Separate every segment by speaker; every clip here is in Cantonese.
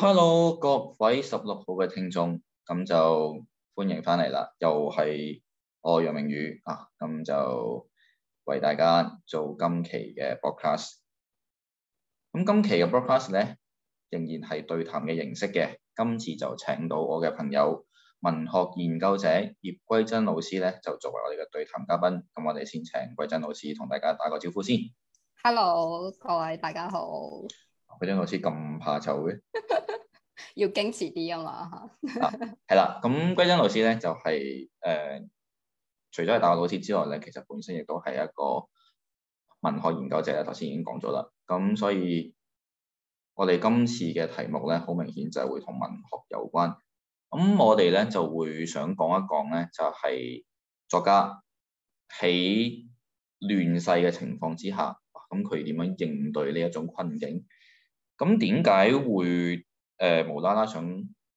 Speaker 1: hello 各位十六號嘅聽眾，咁就歡迎翻嚟啦，又係我楊鳴宇啊，咁就為大家做今期嘅 broadcast。咁今期嘅 broadcast 咧，仍然係對談嘅形式嘅，今次就請到我嘅朋友文學研究者葉桂珍老師咧，就作為我哋嘅對談嘉賓。咁我哋先請桂珍老師同大家打個招呼先。
Speaker 2: Hello 各位大家好。
Speaker 1: 鬼章老師咁怕醜嘅，
Speaker 2: 要矜持啲 啊嘛嚇。
Speaker 1: 係啦，咁鬼章老師咧就係、是、誒、呃，除咗係大學老師之外咧，其實本身亦都係一個文學研究者啦。頭先已經講咗啦，咁所以我哋今次嘅題目咧，好明顯就係會同文學有關。咁我哋咧就會想講一講咧，就係、是、作家喺亂世嘅情況之下，咁佢點樣應對呢一種困境？咁點解會誒、呃、無啦啦想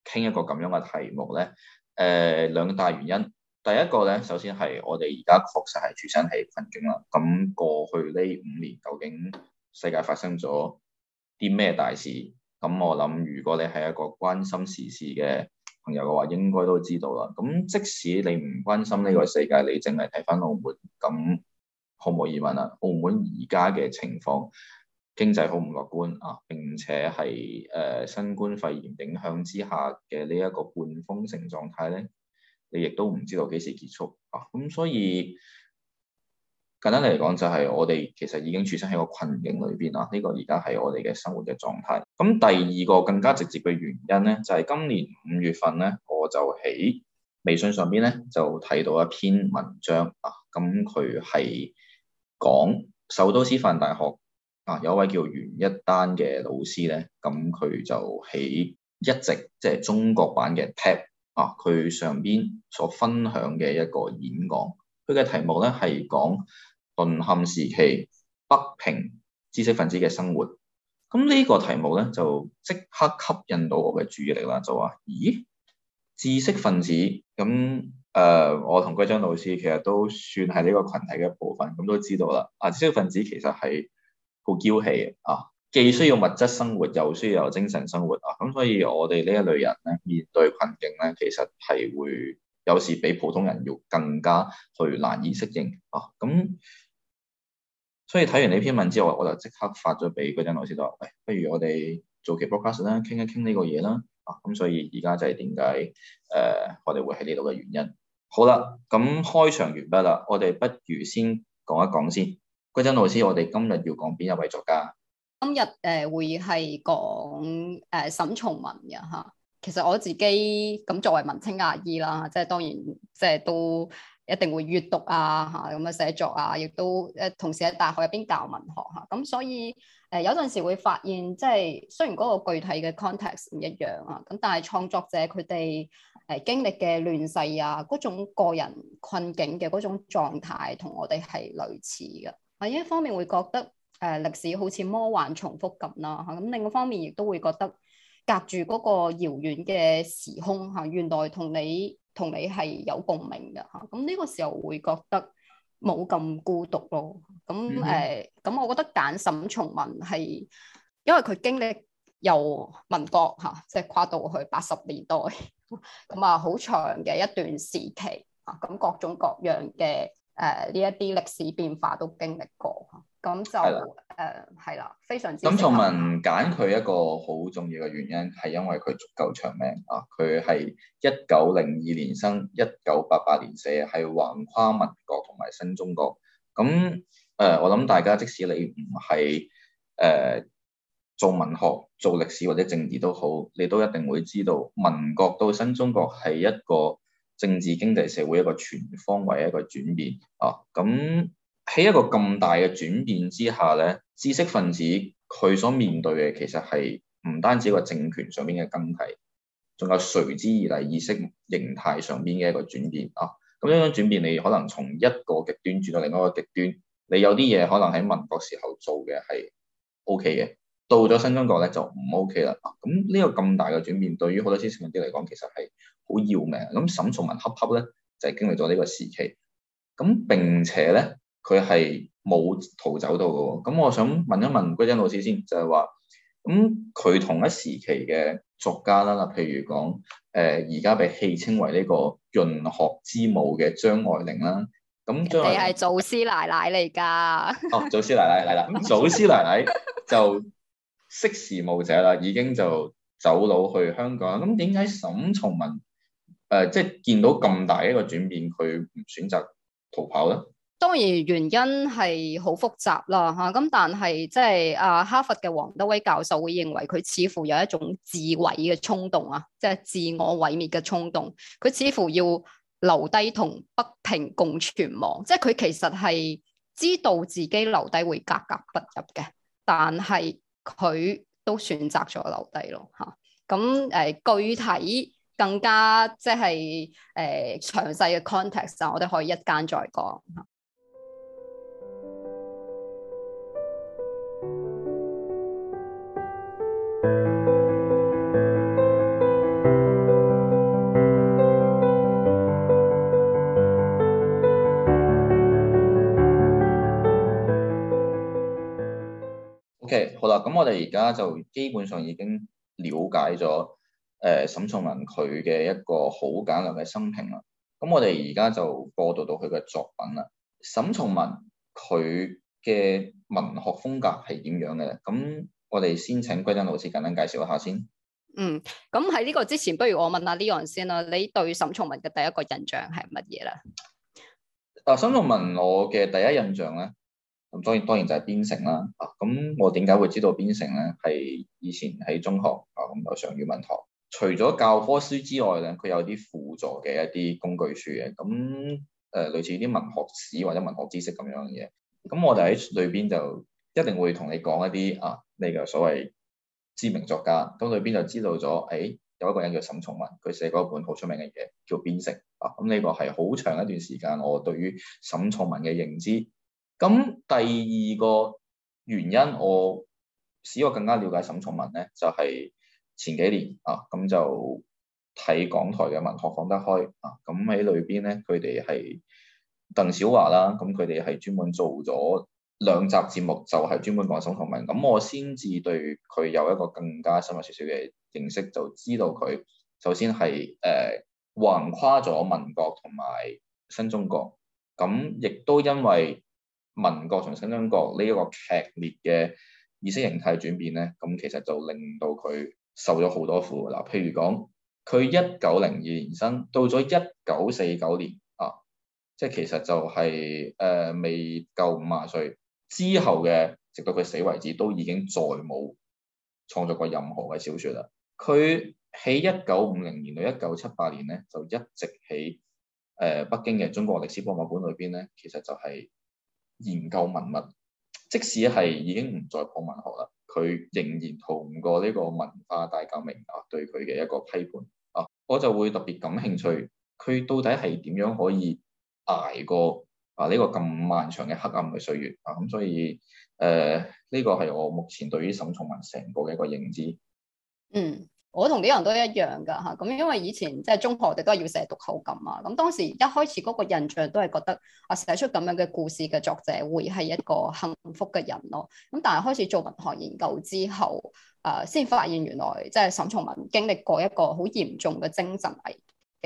Speaker 1: 傾一個咁樣嘅題目咧？誒、呃、兩大原因，第一個咧，首先係我哋而家確實係處身喺困境啦。咁過去呢五年究竟世界發生咗啲咩大事？咁我諗如果你係一個關心時事嘅朋友嘅話，應該都知道啦。咁即使你唔關心呢個世界，你淨係睇翻澳門，咁毫無疑問啦，澳門而家嘅情況，經濟好唔樂觀啊！並且係誒、呃、新冠肺炎影響之下嘅呢一個半封城狀態咧，你亦都唔知道幾時結束啊！咁所以簡單嚟講，就係我哋其實已經處身喺個困境裏邊啊！呢、這個而家係我哋嘅生活嘅狀態。咁第二個更加直接嘅原因咧，就係、是、今年五月份咧，我就喺微信上邊咧就睇到一篇文章啊！咁佢係講首都師範大學。啊，有位叫袁一丹嘅老師咧，咁佢就喺一直即係中國版嘅 tap 啊，佢上邊所分享嘅一個演講，佢嘅題目咧係講淪陷時期北平知識分子嘅生活。咁呢個題目咧就即刻吸引到我嘅注意力啦，就話咦，知識分子咁誒、呃，我同龜章老師其實都算係呢個群體嘅一部分，咁都知道啦。啊，知識分子其實係。好嬌氣啊！既需要物質生活，又需要有精神生活啊！咁所以我哋呢一類人咧，面對困境咧，其實係會有時比普通人要更加去難以適應啊！咁所以睇完呢篇文之後，我就即刻發咗俾嗰陣老師就話：喂，不如我哋做期 podcast 啦，傾一傾呢個嘢啦啊！咁所以而家就係點解誒，我哋會喺呢度嘅原因。好啦，咁開場完畢啦，我哋不如先講一講先。郭振老師，我哋今日要講邊一位作家？
Speaker 2: 今日誒會係講誒沈從文嘅吓。其實我自己咁作為文青阿姨啦、啊，即係當然即係都一定會閱讀啊吓咁嘅寫作啊，亦都誒同時喺大學入邊教文學吓咁，啊、所以誒、呃、有陣時會發現，即係雖然嗰個具體嘅 context 唔一樣啊，咁但係創作者佢哋誒經歷嘅亂世啊，嗰種個人困境嘅嗰種狀態，同我哋係類似嘅。係一方面會覺得誒歷史好似魔幻重複咁啦嚇，咁、啊、另一方面亦都會覺得隔住嗰個遙遠嘅時空嚇、啊，原來同你同你係有共鳴嘅嚇，咁呢個時候會覺得冇咁孤獨咯。咁誒，咁我覺得揀沈從文係因為佢經歷由民國嚇，即、啊、係、就是、跨到去八十年代，咁啊好、啊、長嘅一段時期啊，咁、啊啊啊、各種各樣嘅。誒，呢一啲歷史變化都經歷過，咁、啊、就誒係啦，非常之沈從文
Speaker 1: 揀佢一個好重要嘅原因係因為佢足夠長命啊，佢係一九零二年生，一九八八年死，係橫跨民國同埋新中國。咁誒、呃，我諗大家即使你唔係誒做文學、做歷史或者政治都好，你都一定會知道，民國到新中國係一個。政治、經濟、社會一個全方位嘅一個轉變啊！咁喺一個咁大嘅轉變之下咧，知識分子佢所面對嘅其實係唔單止一個政權上面嘅更替，仲有隨之而嚟意識形態上邊嘅一個轉變啊！咁呢種轉變，你可能從一個極端轉到另一個極端，你有啲嘢可能喺民國時候做嘅係 OK 嘅，到咗新中國咧就唔 OK 啦。咁、啊、呢個咁大嘅轉變，對於好多知識分子嚟講，其實係好要命咁，沈從文恰恰咧就係經歷咗呢個時期，咁並且咧佢係冇逃走到嘅，咁、嗯、我、嗯嗯嗯、想問一問歸真老師先，就係話咁佢同一時期嘅作家啦，嗱，譬如講誒而家被戲稱為呢個潤學之母嘅張愛玲啦，咁、啊、你係
Speaker 2: 祖師奶奶嚟噶 哦，祖師
Speaker 1: 奶奶嚟啦，咁祖師奶奶就識時務者啦，已經就走佬去香港，咁點解沈從文？誒，即係見到咁大一個轉變，佢唔選擇逃跑啦。
Speaker 2: 當然原因係好複雜啦，吓咁但係即係啊哈佛嘅王德威教授會認為佢似乎有一種自毀嘅衝動啊，即係自我毀滅嘅衝動。佢似乎要留低同北平共存亡，即係佢其實係知道自己留低會格格不入嘅，但係佢都選擇咗留低咯，吓咁誒具體。更加即係誒、呃、詳細嘅 context 啊，我哋可以一間再講。
Speaker 1: OK，好啦，咁我哋而家就基本上已經了解咗。誒、呃，沈從文佢嘅一個好簡略嘅生平啦。咁我哋而家就過渡到佢嘅作品啦。沈從文佢嘅文學風格係點樣嘅？咁我哋先請龜珍老師簡單介紹一下先。嗯，
Speaker 2: 咁喺呢個之前，不如我問，問下呢 e o 先啦。你對沈從文嘅第一個印
Speaker 1: 象係乜嘢啦？啊，沈從文我嘅第一印象咧，咁當然當然就係邊城啦。啊，咁我點解會知道邊城咧？係以前喺中學啊，咁有上語文堂。除咗教科書之外咧，佢有啲輔助嘅一啲工具書嘅，咁誒、呃、類似啲文學史或者文學知識咁樣嘅嘢。咁我哋喺裏邊就一定會同你講一啲啊，呢個所謂知名作家。咁裏邊就知道咗，誒、欸、有一個人叫沈從文，佢寫嗰本好出名嘅嘢叫《邊城》啊。咁呢個係好長一段時間我對於沈從文嘅認知。咁第二個原因，我使我更加了解沈從文咧，就係、是。前幾年啊，咁就睇港台嘅文學講得開啊，咁喺裏邊咧，佢哋係鄧小華啦，咁佢哋係專門做咗兩集節目，就係、是、專門講沈從文。咁我先至對佢有一個更加深入少少嘅認識，就知道佢首先係誒、呃、橫跨咗民國同埋新中國，咁亦都因為民國同新中國呢一個劇烈嘅意識形態轉變咧，咁其實就令到佢。受咗好多苦嗱，譬如講佢一九零二年生，到咗一九四九年啊，即係其實就係、是、誒、呃、未夠五十歲之後嘅，直到佢死為止，都已經再冇創作過任何嘅小說啦。佢喺一九五零年到一九七八年咧，就一直喺誒北京嘅中國歷史博物館裏邊咧，其實就係研究文物，即使係已經唔再做文學啦。佢仍然逃唔過呢個文化大革命啊，對佢嘅一個批判啊，我就會特別感興趣，佢到底係點樣可以捱過啊呢個咁漫長嘅黑暗嘅歲月啊？咁所以誒，呢個係我目前對於沈從文成個嘅一個認知。
Speaker 2: 嗯。我同呢個人都一樣噶嚇，咁因為以前即係、就是、中學，我哋都係要寫讀後感啊。咁當時一開始嗰個印象都係覺得啊，寫出咁樣嘅故事嘅作者會係一個幸福嘅人咯。咁但係開始做文學研究之後，誒、呃、先發現原來即係沈從文經歷過一個好嚴重嘅精神危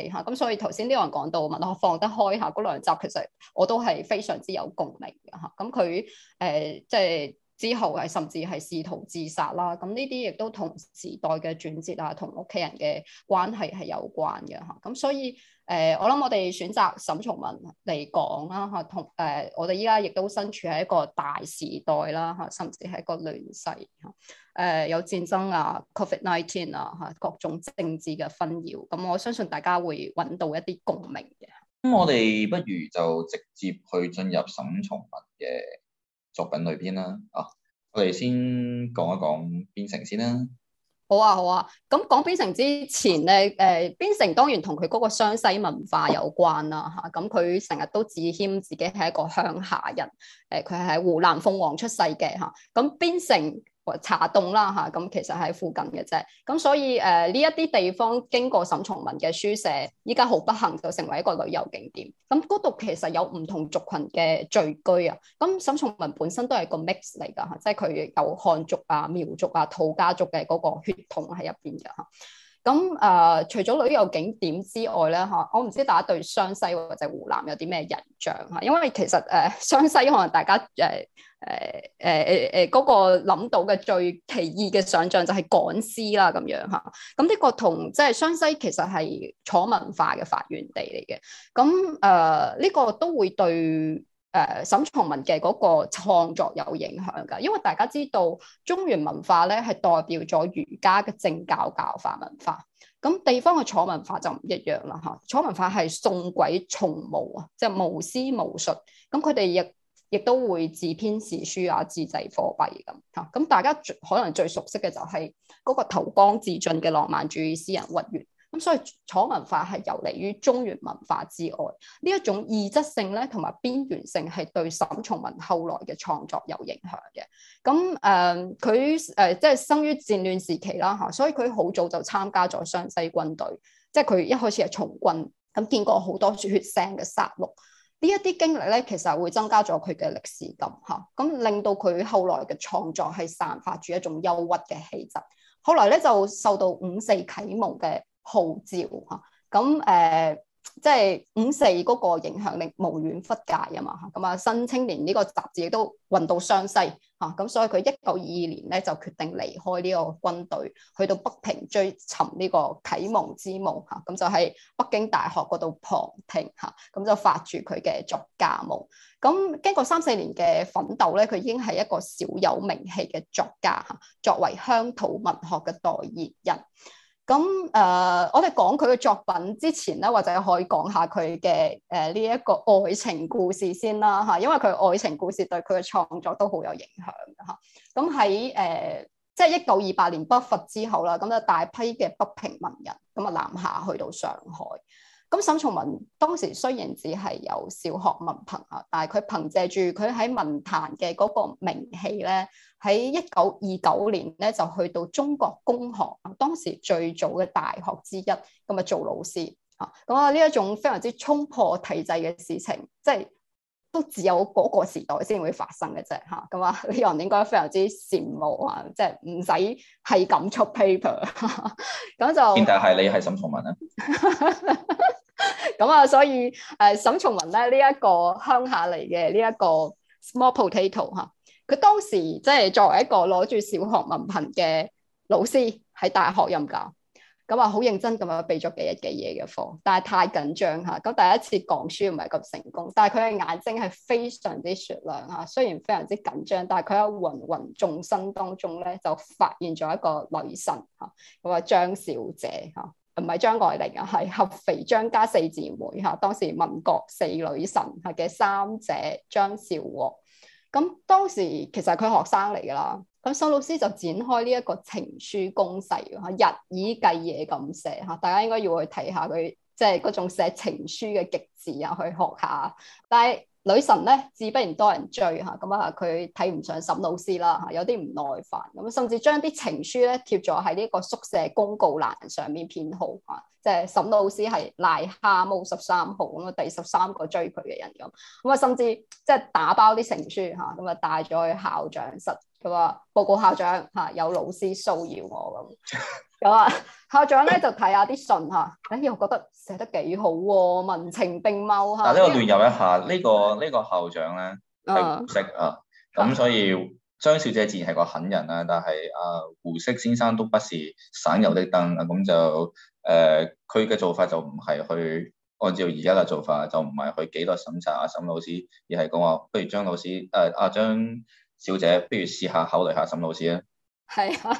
Speaker 2: 機嚇。咁、啊、所以頭先呢個人講到文學放得開下嗰兩集，其實我都係非常之有共鳴嘅嚇。咁佢誒即係。之後係甚至係試圖自殺啦，咁呢啲亦都同時代嘅轉折啊，同屋企人嘅關係係有關嘅嚇。咁所以誒、呃，我諗我哋選擇沈從文嚟講啦嚇，同誒、呃、我哋依家亦都身處喺一個大時代啦嚇，甚至係一個亂世嚇，誒、呃、有戰爭啊、COVID-19 啊嚇，19，各種政治嘅紛擾。咁我相信大家會揾到一啲共鳴
Speaker 1: 嘅。咁我哋不如就直接去進入沈從文嘅。作品裏邊啦，啊，我哋先講一講邊城先啦。好啊，
Speaker 2: 好啊。咁講邊城之前咧，誒邊城當然同佢嗰個湘西文化有關啦，嚇、啊。咁佢成日都自謙自己係一個鄉下人，誒佢係喺湖南鳳凰出世嘅，嚇、啊。咁邊城。茶洞啦嚇，咁、啊、其實喺附近嘅啫，咁所以誒呢一啲地方經過沈從文嘅書寫，依家好不幸就成為一個旅遊景點。咁嗰度其實有唔同族群嘅聚居啊。咁沈從文本身都係個 mix 嚟㗎嚇，即係佢有漢族啊、苗族啊、土家族嘅嗰個血統喺入邊㗎嚇。啊咁誒、呃，除咗旅遊景點之外咧，嚇，我唔知大家對湘西或者湖南有啲咩印象嚇？因為其實誒湘、呃、西可能大家誒誒誒誒誒嗰個諗到嘅最奇異嘅想像就係趕屍啦咁樣嚇。咁呢個同即係湘西其實係楚文化嘅發源地嚟嘅。咁誒呢個都會對。誒、呃、沈從文嘅嗰個創作有影響㗎，因為大家知道中原文化咧係代表咗儒家嘅正教教化文化，咁地方嘅楚文化就唔一樣啦嚇。楚文化係送鬼崇巫啊，即係無私無術，咁佢哋亦亦都會自編自書啊，自製貨幣咁嚇。咁、啊、大家可能最熟悉嘅就係嗰個投江自盡嘅浪漫主義詩人屈原。咁所以楚文化係游離於中原文化之外呢一種異質性咧，同埋邊緣性係對沈從文後來嘅創作有影響嘅。咁誒，佢誒即係生於戰亂時期啦嚇，所以佢好早就參加咗湘西軍隊，即係佢一開始係從軍咁，見過好多血腥嘅殺戮呢一啲經歷咧，其實會增加咗佢嘅歷史感嚇，咁令到佢後來嘅創作係散發住一種憂鬱嘅氣質。後來咧就受到五四啟蒙嘅號召嚇，咁誒、呃，即係五四嗰個影響力無遠弗屆啊嘛，咁啊《新青年》呢個雜誌都運到湘西，嚇、啊，咁所以佢一九二二年咧就決定離開呢個軍隊，去到北平追尋呢個啟蒙之夢嚇，咁、啊、就喺北京大學嗰度旁聽嚇，咁、啊、就發住佢嘅作家夢。咁經過三四年嘅奮鬥咧，佢已經係一個小有名氣嘅作家嚇、啊，作為鄉土文學嘅代言人。咁誒、呃，我哋講佢嘅作品之前咧，或者可以講下佢嘅誒呢一個愛情故事先啦嚇，因為佢愛情故事對佢嘅創作都好有影響嘅嚇。咁喺誒，即係一九二八年北伐之後啦，咁就大批嘅北平文人咁啊南下去到上海。咁沈從文當時雖然只係有小學文憑啊，但係佢憑藉住佢喺文壇嘅嗰個名氣咧。喺一九二九年咧，就去到中國公學，啊、當時最早嘅大學之一，咁啊做老師啊。咁啊呢一種非常之衝破體制嘅事情，即係都只有嗰個時代先會發生嘅啫。嚇，咁啊，呢個、啊、人應該非常之羨慕啊，即係唔使係咁出 paper。咁、啊啊、就，但
Speaker 1: 係你係沈從文啊。
Speaker 2: 咁 啊，所以誒、啊，沈從文咧呢一、呢個鄉下嚟嘅呢一個 small potato 嚇。啊佢當時即係作為一個攞住小學文憑嘅老師喺大學任教，咁啊好認真咁樣備咗幾日幾夜嘅課，但係太緊張嚇。咁第一次講書唔係咁成功，但係佢嘅眼睛係非常之雪亮嚇。雖然非常之緊張，但係佢喺芸芸眾生當中咧，就發現咗一個女神嚇，佢話張小姐嚇，唔係張愛玲啊，係合肥張家四姐妹嚇，當時民國四女神嚇嘅三姐張兆和。咁當時其實佢學生嚟㗎啦，咁沈老師就展開呢一個情書攻勢㗎，日以繼夜咁寫吓，大家應該要去睇下佢即係嗰種寫情書嘅極致啊，去學下，但係。女神咧，自不然多人追嚇，咁啊佢睇唔上沈老師啦嚇、啊，有啲唔耐煩，咁、啊、甚至將啲情書咧貼咗喺呢個宿舍公告欄上面編號嚇、啊，即係沈老師係癩蛤蟆十三號咁啊，第十三個追佢嘅人咁，咁啊，啊甚至即係打包啲情書嚇，咁啊，啊帶咗去校長室。佢話報告校長嚇，有老師騷擾我咁。咁啊，校長咧就睇下啲信嚇，哎、欸，我覺得寫得幾好喎、啊，文情並茂嚇。但呢個亂入一
Speaker 1: 下，呢、這個呢、這個校長咧係唔適胡適啊，咁所以張小姐自然係個狠人啦。但係啊，胡適先生都不是省油的燈啊，咁就誒，佢、啊、嘅做法就唔係去按照而家嘅做法，就唔係去幾多審查阿、啊、沈老師，而係講話不如張老師誒阿、啊啊、張。小姐，不如試下考慮下沈老師吖。
Speaker 2: 係啊，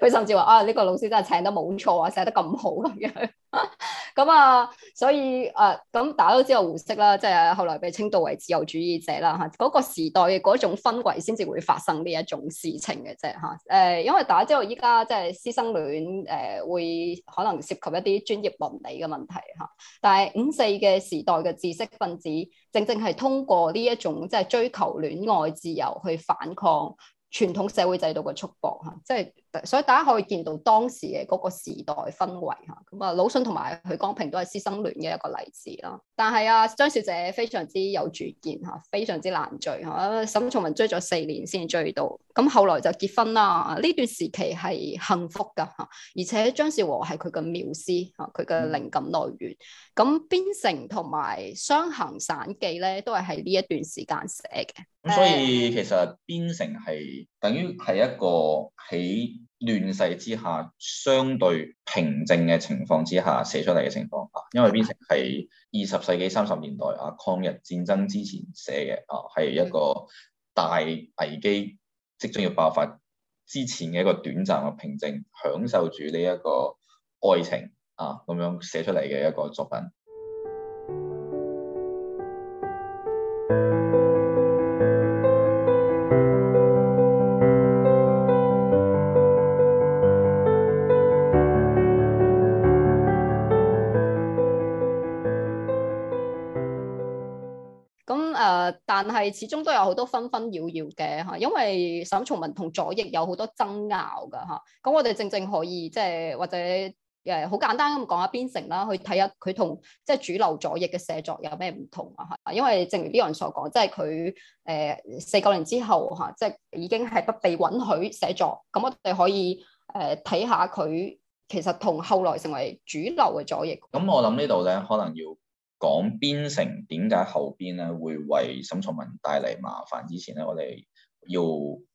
Speaker 2: 佢甚至話啊呢、這個老師真係請得冇錯啊，寫得咁好咁、啊、樣。咁 啊、嗯，所以誒，咁大家都知道胡適啦，即係後來被稱道為自由主義者啦吓。嗰、啊那個時代嘅嗰種氛圍，先至會發生呢一種事情嘅啫吓。誒、啊，因為大家知道依家即係師生戀，誒、啊、會可能涉及一啲專業倫理嘅問題吓、啊。但係五四嘅時代嘅知識分子，正正係通過呢一種即係、就是、追求戀愛自由去反抗。傳統社會制度嘅束縛吓，即係。所以大家可以見到當時嘅嗰個時代氛圍嚇，咁啊魯迅同埋許廣平都係師生戀嘅一個例子啦。但係啊張小姐非常之有主見嚇，非常之難追嚇，沈從文追咗四年先追到，咁後來就結婚啦。呢段時期係幸福噶嚇，而且張兆和係佢嘅繆斯嚇，佢嘅靈感來源。咁《邊城》同埋《湘行散記》咧都係喺呢一段時間寫嘅。咁所以
Speaker 1: 其實《邊城》係。等於係一個喺亂世之下相對平靜嘅情況之下寫出嚟嘅情況啊，因為邊城係二十世紀三十年代啊抗日戰爭之前寫嘅啊，係一個大危機即將要爆發之前嘅一個短暫嘅平靜，享受住呢一個愛情啊咁樣寫出嚟嘅一個作品。
Speaker 2: 係，始終都有好多紛紛擾擾嘅嚇，因為沈從文同左翼有好多爭拗嘅嚇。咁我哋正正可以即係或者誒好簡單咁講下邊城啦，去睇下佢同即係主流左翼嘅寫作有咩唔同啊嚇。因為正如呢個人所講，即係佢誒四九年之後嚇，即、啊、係、即係、已經係不被允許寫作。咁我哋可以誒睇、呃、下佢其實同後來成為主流嘅左翼。咁我諗呢
Speaker 1: 度咧可能要。講邊城點解後邊咧會為沈從文帶嚟麻煩？之前咧，我哋要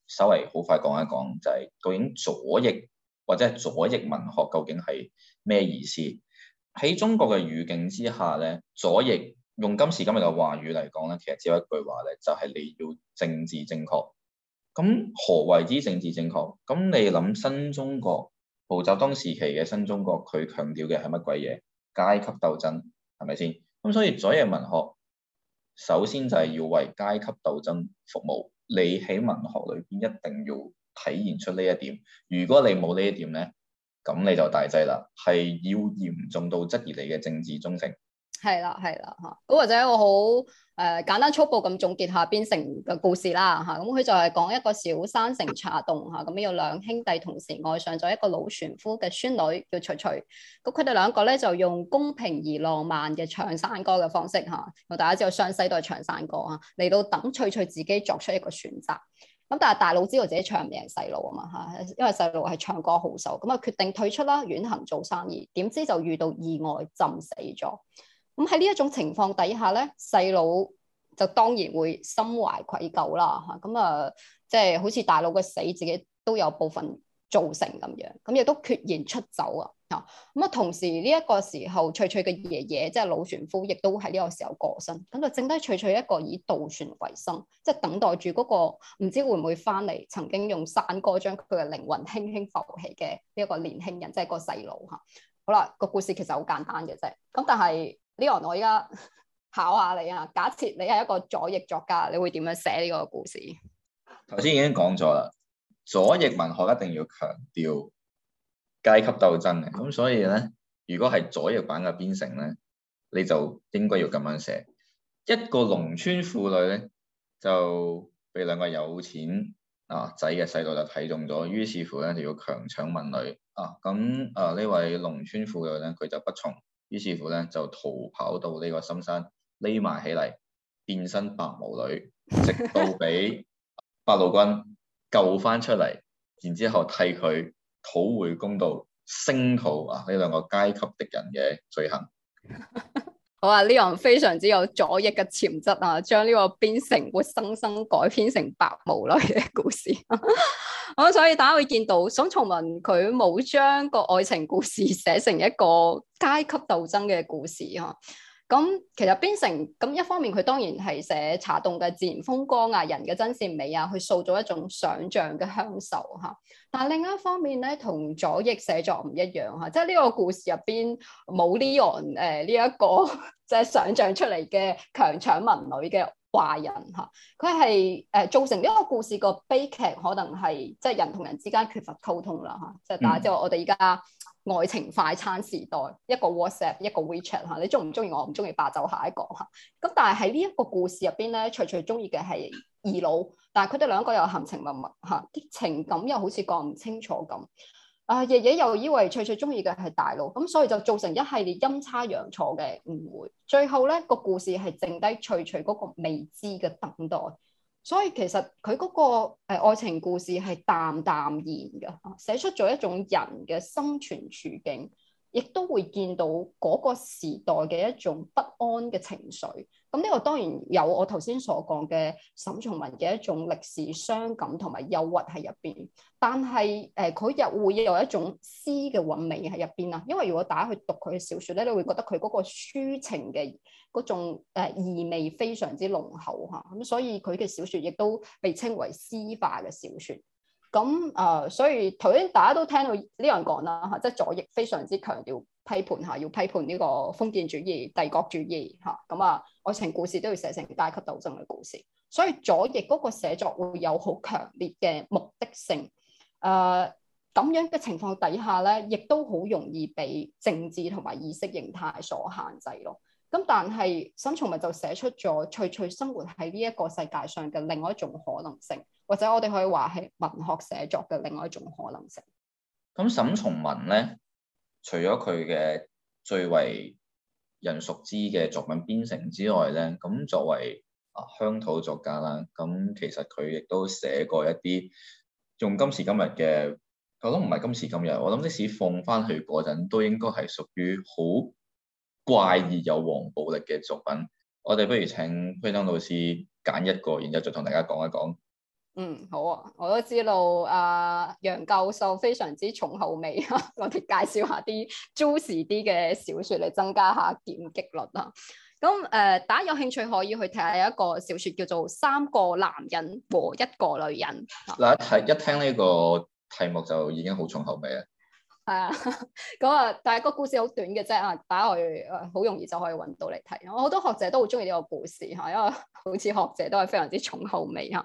Speaker 1: 稍微好快講一講、就是，就係究竟左翼或者係左翼文學究竟係咩意思？喺中國嘅語境之下咧，左翼用今時今日嘅話語嚟講咧，其實只有一句話咧，就係、是、你要政治正確。咁何為之政治正確？咁你諗新中國毛澤東時期嘅新中國，佢強調嘅係乜鬼嘢？階級鬥爭係咪先？是。咁所以左翼文學首先就係要為階級鬥爭服務，你喺文學裏邊一定要體現出呢一點。如果你冇呢一點咧，咁你就大劑啦，係要嚴重到質疑你嘅政治忠誠。
Speaker 2: 係啦，係啦，吓，咁或者我好誒、呃、簡單粗暴咁總結下邊城嘅故事啦，吓咁佢就係講一個小山城茶洞吓，咁、啊啊啊、有兩兄弟同時愛上咗一個老船夫嘅孫女叫翠翠，咁佢哋兩個咧就用公平而浪漫嘅唱山歌嘅方式吓、啊，大家知道湘西都係唱山歌吓，嚟、啊、到等翠翠自己作出一個選擇，咁但係大佬知道自己唱唔贏細路啊嘛吓，因為細路係唱歌好手，咁啊決定退出啦，遠行做生意，點知就遇到意外浸死咗。咁喺呢一種情況底下咧，細佬就當然會心懷愧疚啦嚇。咁啊，即、嗯、係、就是、好似大佬嘅死，自己都有部分造成咁樣。咁、嗯、亦都決然出走啊。啊，咁、嗯、啊，同時呢一、這個時候，翠翠嘅爺爺即係、就是、老船夫，亦都喺呢個時候過身。咁就剩低翠翠一個以渡船為生，即、就、係、是、等待住嗰、那個唔知會唔會翻嚟曾經用山歌將佢嘅靈魂輕輕浮起嘅呢一個年輕人，即、就、係、是、個細佬嚇。好啦，個故事其實好簡單嘅啫。咁、啊、但係。呢 e 我而家考下你啊。假設你係一個左翼作家，你會點樣寫呢個故事？
Speaker 1: 頭先已經講咗啦，左翼文學一定要強調階級鬥爭嘅。咁所以咧，如果係左翼版嘅編成咧，你就應該要咁樣寫一個農村婦女咧，就被兩個有錢啊仔嘅細路就睇中咗，於是乎咧就要強搶民女啊。咁啊位農呢位農村婦女咧，佢就不從。於是乎咧，就逃跑到呢個深山匿埋起嚟，變身白毛女，直到俾八路軍救翻出嚟，然之後替佢討回公道，聲討啊呢兩個階級敵人嘅罪行。
Speaker 2: 好啊，呢樣非常之有左翼嘅潛質啊，將呢個變成活生生改編成白毛女嘅故事。 咁、嗯、所以大家會見到，沈從文佢冇將個愛情故事寫成一個階級鬥爭嘅故事嚇。咁、啊嗯、其實邊城咁、嗯、一方面，佢當然係寫茶洞嘅自然風光啊、人嘅真善美啊，去塑造一種想像嘅享受嚇。但係另一方面咧，同左翼寫作唔一樣嚇，即係呢個故事入邊冇呢 e o 呢一個即係、就是、想像出嚟嘅強搶民女嘅。壞人嚇，佢係誒造成一個故事個悲劇，可能係即係人同人之間缺乏溝通啦嚇，即係打即係我哋而家愛情快餐時代，一個 WhatsApp，一個 WeChat 嚇，你中唔中意，我唔中意，霸走下一個嚇。咁但係喺呢一個故事入邊咧，徐徐中意嘅係二佬，但係佢哋兩個又含情脈脈嚇，啲情感又好似講唔清楚咁。啊！爺爺又以為翠翠中意嘅係大佬，咁所以就造成一系列陰差陽錯嘅誤會。最後咧，個故事係剩低翠翠嗰個未知嘅等待。所以其實佢嗰個誒愛情故事係淡淡然嘅，寫出咗一種人嘅生存處境。亦都會見到嗰個時代嘅一種不安嘅情緒，咁、嗯、呢、這個當然有我頭先所講嘅沈從文嘅一種歷史傷感同埋憂鬱喺入邊，但係誒佢又會有一種詩嘅韻味喺入邊啦。因為如果大家去讀佢嘅小説咧，你會覺得佢嗰個抒情嘅嗰種意、呃、味非常之濃厚嚇，咁、啊嗯、所以佢嘅小説亦都被稱為詩化嘅小説。咁誒、呃，所以頭先大家都聽到呢樣講啦，嚇、啊，即係左翼非常之強調批判嚇，要批判呢個封建主義、帝國主義嚇，咁啊，愛、啊、情故事都要寫成階級鬥爭嘅故事，所以左翼嗰個寫作會有好強烈嘅目的性。誒、啊，咁樣嘅情況底下咧，亦都好容易被政治同埋意識形態所限制咯。咁、啊、但係沈從文就寫出咗，翠翠生活喺呢一個世界上嘅另外一種可能性。或者我哋可以話係文學寫作嘅另外一種可能性。
Speaker 1: 咁沈從文咧，除咗佢嘅最為人熟知嘅作品邊城之外咧，咁作為啊鄉土作家啦，咁其實佢亦都寫過一啲用今時今日嘅，我諗唔係今時今日，我諗即使放翻去嗰陣，都應該係屬於好怪異有黃暴力嘅作品。我哋不如請 p u 老師揀一個，然後再同大家講一講。
Speaker 2: 嗯，好啊，我都知道啊，楊、呃、教授非常之重口味啊， 我哋介紹下啲 juicy 啲嘅小說嚟，增加下點擊率啊。咁誒、呃，大家有興趣可以去睇下一個小說叫做《三個男人和一個女人》。
Speaker 1: 嗱，一睇，一聽呢個題目就已經好重口味啊！
Speaker 2: 係啊，咁啊，但係個故事好短嘅啫啊，大家去誒好容易就可以揾到嚟睇。我好多學者都好中意呢個故事吓，因為好似學者都係非常之重口味吓。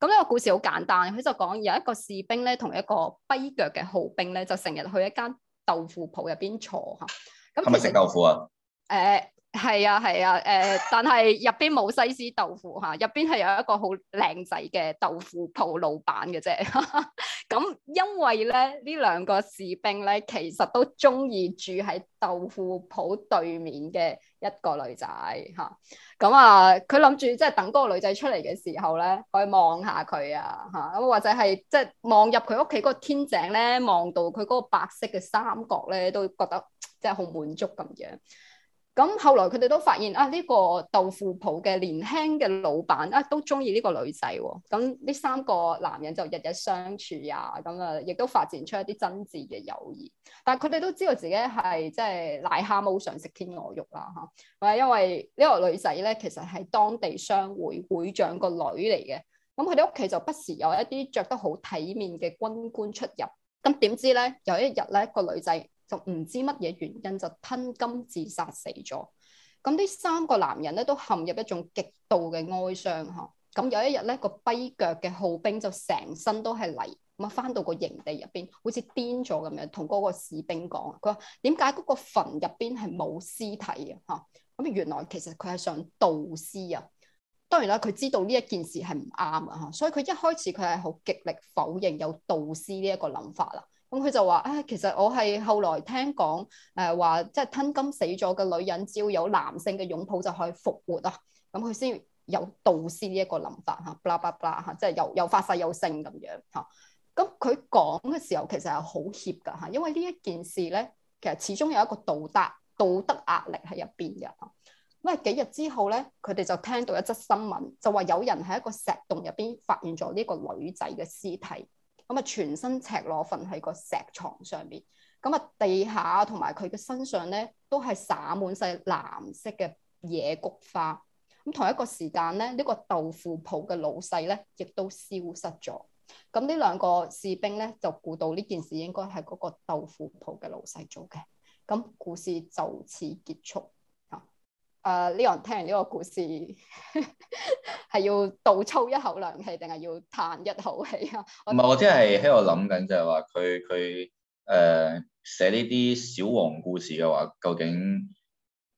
Speaker 2: 咁呢個故事好簡單，佢就講有一個士兵咧，同一個跛腳嘅號兵咧，就成日去一間豆腐鋪入邊坐吓。咁係咪食豆腐啊？誒。係啊係啊，誒、啊呃，但係入邊冇西施豆腐吓，入邊係有一個好靚仔嘅豆腐鋪老闆嘅啫。咁、啊、因為咧呢兩個士兵咧，其實都中意住喺豆腐鋪對面嘅一個女仔吓。咁啊，佢諗住即係等嗰個女仔出嚟嘅時候咧，可以望下佢啊吓，咁或者係即係望入佢屋企嗰個天井咧，望到佢嗰個白色嘅三角咧，都覺得即係好滿足咁樣。咁後來佢哋都發現啊，呢、這個豆腐鋪嘅年輕嘅老闆啊，都中意呢個女仔喎。咁、啊、呢三個男人就日日相處呀，咁啊，亦、啊、都發展出一啲真摯嘅友誼。但係佢哋都知道自己係即係癩蝦蟆想食天鵝肉啦，嚇、啊！或者因為呢個女仔咧，其實係當地商會會長個女嚟嘅。咁佢哋屋企就不時有一啲着得好體面嘅軍官出入。咁、啊、點知咧，有一日咧，個女仔，就唔知乜嘢原因就吞金自殺死咗。咁呢三個男人咧，都陷入一種極度嘅哀傷嚇。咁、啊、有一日咧，個跛腳嘅號兵就成身都係泥，咁啊返到個營地入邊，好似癲咗咁樣，同嗰個士兵講：，佢話點解嗰個墳入邊係冇屍體嘅？嚇、啊、咁原來其實佢係想盜屍啊。當然啦，佢知道呢一件事係唔啱嘅嚇，所以佢一開始佢係好極力否認有盜屍呢一個諗法啦。咁佢就話：，啊，其實我係後來聽講，誒話即係吞金死咗嘅女人，只要有男性嘅擁抱就可以復活啊！咁佢先有導師呢一個諗法嚇，啦啦啦嚇，即係又又發誓又性咁樣嚇。咁佢講嘅時候其實係好怯噶、啊、嚇，因為呢一件事咧，其實始終有一個道德道德壓力喺入邊嘅。咁喂，幾日之後咧，佢哋就聽到一則新聞，就話有人喺一個石洞入邊發現咗呢個女仔嘅屍體。咁啊，全身赤裸瞓喺個石床上面，咁啊，地下同埋佢嘅身上咧，都係灑滿晒藍色嘅野菊花。咁同一個時間咧，呢個豆腐鋪嘅老細咧，亦都消失咗。咁呢兩個士兵咧，就估到呢件事應該係嗰個豆腐鋪嘅老細做嘅。咁故事就此結束。誒呢個人聽完呢個故事係 要倒抽一口涼氣，定係要嘆一口氣啊？唔係，我即係喺度諗緊，
Speaker 1: 就係話佢佢誒寫呢啲小黃故事嘅話，究竟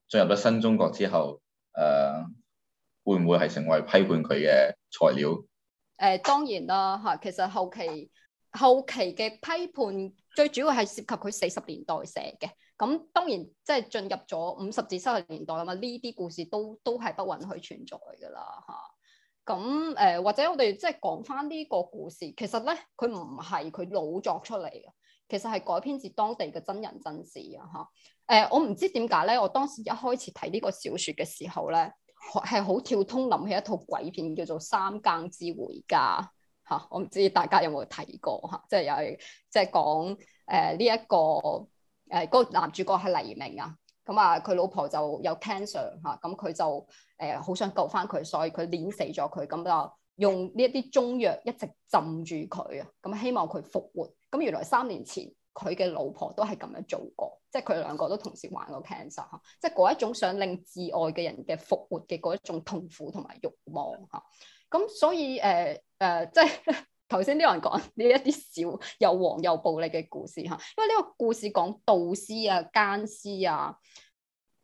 Speaker 1: 進入咗新中國之後，誒、呃、會唔會係成為批判佢嘅材料？
Speaker 2: 誒、呃、當然啦嚇，其實後期。後期嘅批判最主要係涉及佢四十年代寫嘅，咁當然即係進入咗五十至七十年代啊嘛，呢啲故事都都係不允許存在噶啦嚇。咁誒、呃、或者我哋即係講翻呢個故事，其實咧佢唔係佢老作出嚟嘅，其實係改編自當地嘅真人真事啊嚇。誒、呃、我唔知點解咧，我當時一開始睇呢個小說嘅時候咧，係好跳通諗起一套鬼片叫做《三更之回家》。嚇！我唔知大家有冇睇過嚇，即係又係即係講誒呢一個誒嗰、呃嗰個、男主角係黎明啊，咁啊佢老婆就有 cancer 嚇，咁佢、嗯、就誒好、呃、想救翻佢，所以佢捏死咗佢，咁、嗯、就用呢一啲中藥一直浸住佢啊，咁、嗯、希望佢復活。咁、嗯、原來三年前佢嘅老婆都係咁樣做過，即係佢兩個都同時患過 cancer 嚇，即係嗰一種想令至愛嘅人嘅復活嘅嗰一種痛苦同埋慾望嚇。咁、嗯、所以誒誒、呃呃，即係頭先啲人講呢一啲小又黃又暴力嘅故事嚇，因為呢個故事講盜屍啊、奸屍啊，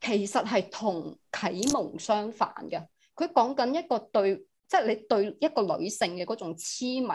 Speaker 2: 其實係同啟蒙相反嘅。佢講緊一個對，即係你對一個女性嘅嗰種痴迷，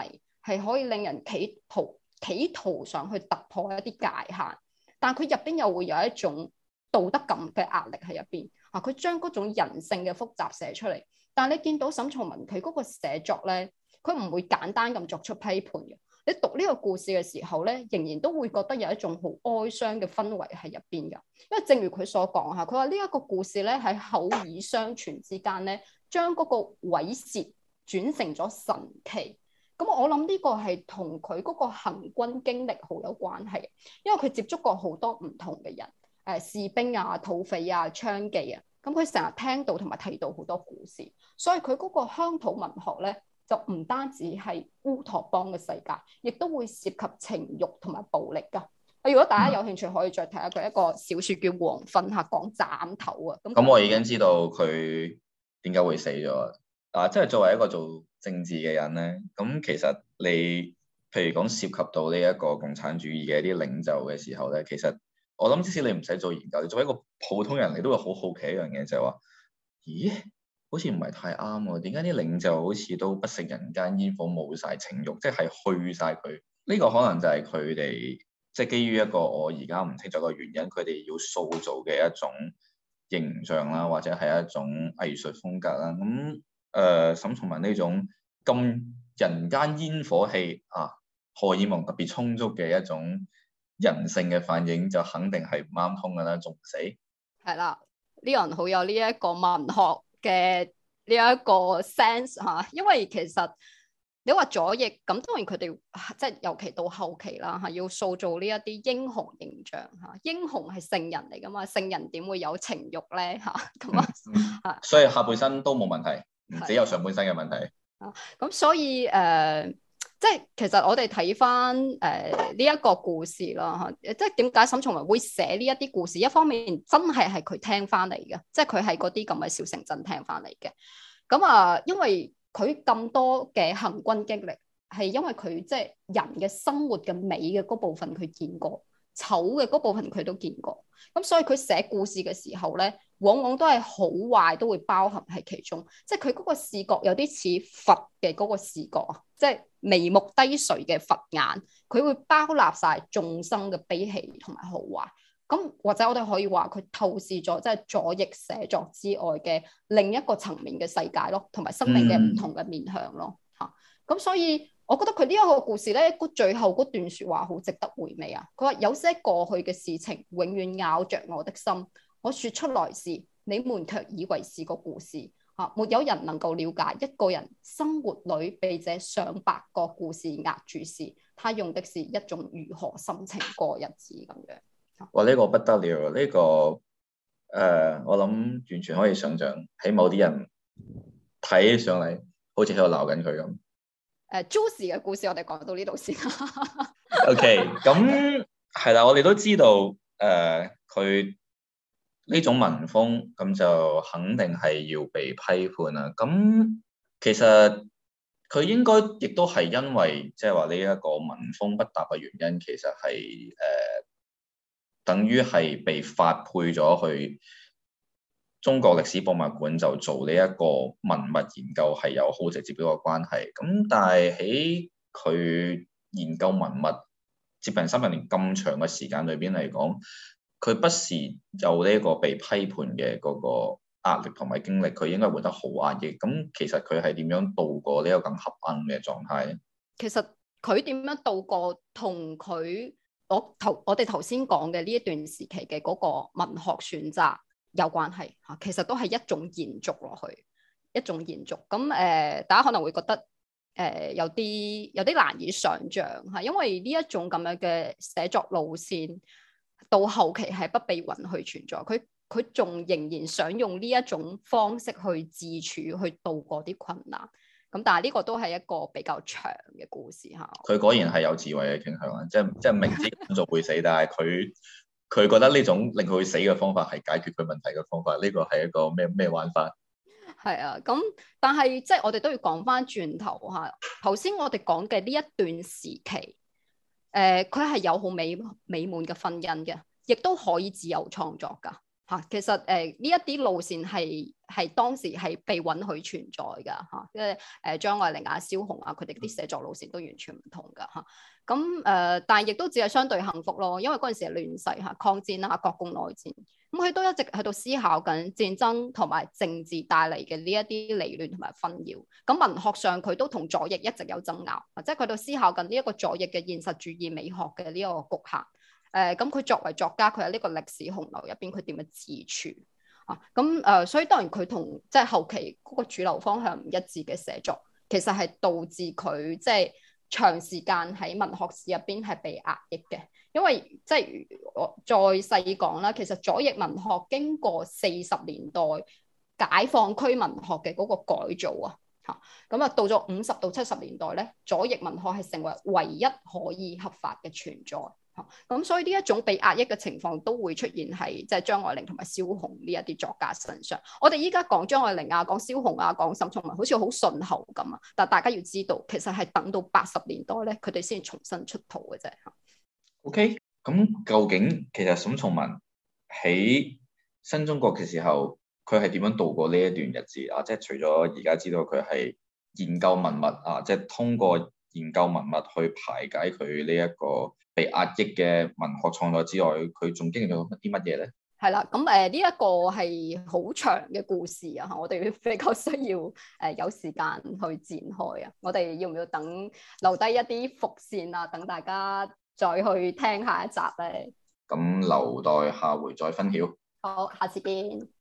Speaker 2: 係可以令人企圖企圖上去突破一啲界限，但佢入邊又會有一種道德感嘅壓力喺入邊。啊，佢將嗰種人性嘅複雜寫出嚟。但你見到沈從文佢嗰個寫作咧，佢唔會簡單咁作出批判嘅。你讀呢個故事嘅時候咧，仍然都會覺得有一種好哀傷嘅氛圍喺入邊嘅。因為正如佢所講嚇，佢話呢一個故事咧喺口耳相傳之間咧，將嗰個毀滅轉成咗神奇。咁、嗯、我諗呢個係同佢嗰個行軍經歷好有關係，因為佢接觸過好多唔同嘅人，誒、呃、士兵啊、土匪啊、槍妓啊。咁佢成日聽到同埋睇到好多故事，所以佢嗰個鄉土文學咧就唔單止係烏托邦嘅世界，亦都會涉及情慾同埋暴力㗎。啊，如果大家有興趣，可以再睇下佢一個小説叫《黃昏》，嚇講斬頭啊！咁咁，我已
Speaker 1: 經知道佢點解會死咗啊！啊，即係作為一個做政治嘅人咧，咁其實你譬如講涉及到呢一個共產主義嘅一啲領袖嘅時候咧，其實我諗即使你唔使做研究，你作為一個普通人，你都會好好奇一樣嘢，就係話，咦，好似唔係太啱喎，點解啲領袖好似都不食人間煙火，冇晒情慾，即係去晒佢？呢個可能就係佢哋，即係基於一個我而家唔清楚嘅原因，佢哋要塑造嘅一種形象啦，或者係一種藝術風格啦。咁，誒，沈從文呢種咁人間煙火氣啊，荷爾蒙特別充足嘅一種。人性嘅反應就肯定係唔啱通噶啦，仲死。
Speaker 2: 係啦，呢個人好有呢一個文學嘅呢一個 sense 吓、啊，因為其實你話左翼咁，當然佢哋即係尤其到後期啦吓、啊，要塑造呢一啲英雄形象吓、啊，英雄係聖人嚟噶嘛，聖人點會有情欲咧吓咁啊吓，啊
Speaker 1: 所以下半身都冇問題，唔只有上半身嘅問題。
Speaker 2: 啊，咁所以誒。呃即係其實我哋睇翻誒呢一個故事咯嚇，即係點解沈從文會寫呢一啲故事？一方面真係係佢聽翻嚟嘅，即係佢係嗰啲咁嘅小城鎮聽翻嚟嘅。咁、嗯、啊，因為佢咁多嘅行軍經歷，係因為佢即係人嘅生活嘅美嘅嗰部分，佢見過。醜嘅嗰部分佢都見過，咁所以佢寫故事嘅時候咧，往往都係好壞都會包含喺其中，即係佢嗰個視覺有啲似佛嘅嗰個視覺，即係眉目低垂嘅佛眼，佢會包納晒眾生嘅悲喜同埋好壞，咁或者我哋可以話佢透視咗即係左翼寫作之外嘅另一個層面嘅世界咯，同埋生命嘅唔同嘅面向咯，嚇、嗯，咁、啊、所以。我覺得佢呢一個故事咧，最後段説話好值得回味啊！佢話：有些過去嘅事情，永遠咬着我的心。我説出來時，你們卻以為是個故事。嚇、啊，沒有人能夠了解一個人生活裏被這上百個故事壓住時，他用的是一種如何心情過日子咁樣。
Speaker 1: 啊、哇！呢、這個不得了，呢、這個誒、呃，我諗完全可以想像。喺某啲人睇上嚟，好似喺度鬧緊佢咁。
Speaker 2: 誒，朱氏嘅故事，我哋講到呢度先。
Speaker 1: OK，咁係啦，我哋都知道誒，佢、呃、呢種文風咁就肯定係要被批判啦。咁其實佢應該亦都係因為即係話呢一個文風不搭嘅原因，其實係誒、呃，等於係被發配咗去。中國歷史博物館就做呢一個文物研究係有好直接嘅一個關係，咁但係喺佢研究文物接近三十年咁長嘅時間裏邊嚟講，佢不時有呢一個被批判嘅嗰個壓力同埋經歷，佢應該活得好壓抑。咁其實佢係點樣度過呢個咁黑暗嘅狀態咧？
Speaker 2: 其實佢點樣度過同佢我頭我哋頭先講嘅呢一段時期嘅嗰個文學選擇？有關係吓，其實都係一種延續落去，一種延續。咁誒、呃，大家可能會覺得誒、呃、有啲有啲難以想象吓，因為呢一種咁樣嘅寫作路線，到後期係不被允許存在。佢佢仲仍然想用呢一種方式去自處，去度過啲困難。咁但係呢個都係一個比較長嘅故事吓。
Speaker 1: 佢果然係有自毀嘅傾向啊！ 即係即係明知咁做會死，但係佢。佢覺得呢種令佢死嘅方法係解決佢問題嘅方法，呢個係一個咩咩玩法？
Speaker 2: 係啊，咁但係即係我哋都要講返轉頭吓。頭先我哋講嘅呢一段時期，誒佢係有好美美滿嘅婚姻嘅，亦都可以自由創作㗎。嚇、啊，其實誒呢一啲路線係係當時係被允許存在噶嚇，即係誒張愛玲啊、蕭紅啊，佢哋啲寫作路線都完全唔同噶嚇。咁、啊、誒、啊，但係亦都只係相對幸福咯，因為嗰陣時係亂世嚇、啊，抗戰啊、國共內戰，咁、啊、佢都一直喺度思考緊戰爭同埋政治帶嚟嘅呢一啲離亂同埋紛擾。咁、啊、文學上佢都同左翼一直有爭拗、啊，即係佢喺度思考緊呢一個左翼嘅現實主義美學嘅呢個局限。誒咁，佢、嗯、作為作家，佢喺呢個歷史洪流入邊，佢點樣自處啊？咁誒、呃，所以當然佢同即係後期嗰個主流方向唔一致嘅寫作，其實係導致佢即係長時間喺文學史入邊係被壓抑嘅。因為即係我再細講啦，其實左翼文學經過四十年代解放區文學嘅嗰個改造啊，嚇咁啊，到咗五十到七十年代咧，左翼文學係成為唯一可以合法嘅存在。咁、嗯、所以呢一種被壓抑嘅情況都會出現喺即係張愛玲同埋蕭紅呢一啲作家身上。我哋依家講張愛玲啊，講蕭紅啊，講沈從文，好似好順喉咁啊。但大家要知道，其實係等到八十年代咧，佢哋先重新出土嘅啫。嚇
Speaker 1: ，OK，咁究竟其實沈從文喺新中國嘅時候，佢係點樣度過呢一段日子啊？即係除咗而家知道佢係研究文物啊，即係通過，研究文物去排解佢呢一個被壓抑嘅文學創作之外，佢仲經歷咗啲乜嘢咧？
Speaker 2: 係啦，咁誒呢一個係好長嘅故事啊！我哋比較需要誒、呃、有時間去展開啊！我哋要唔要等留低一啲伏綫啊？等大家再去聽下一集咧？
Speaker 1: 咁留待下回再分曉。
Speaker 2: 好，下次見。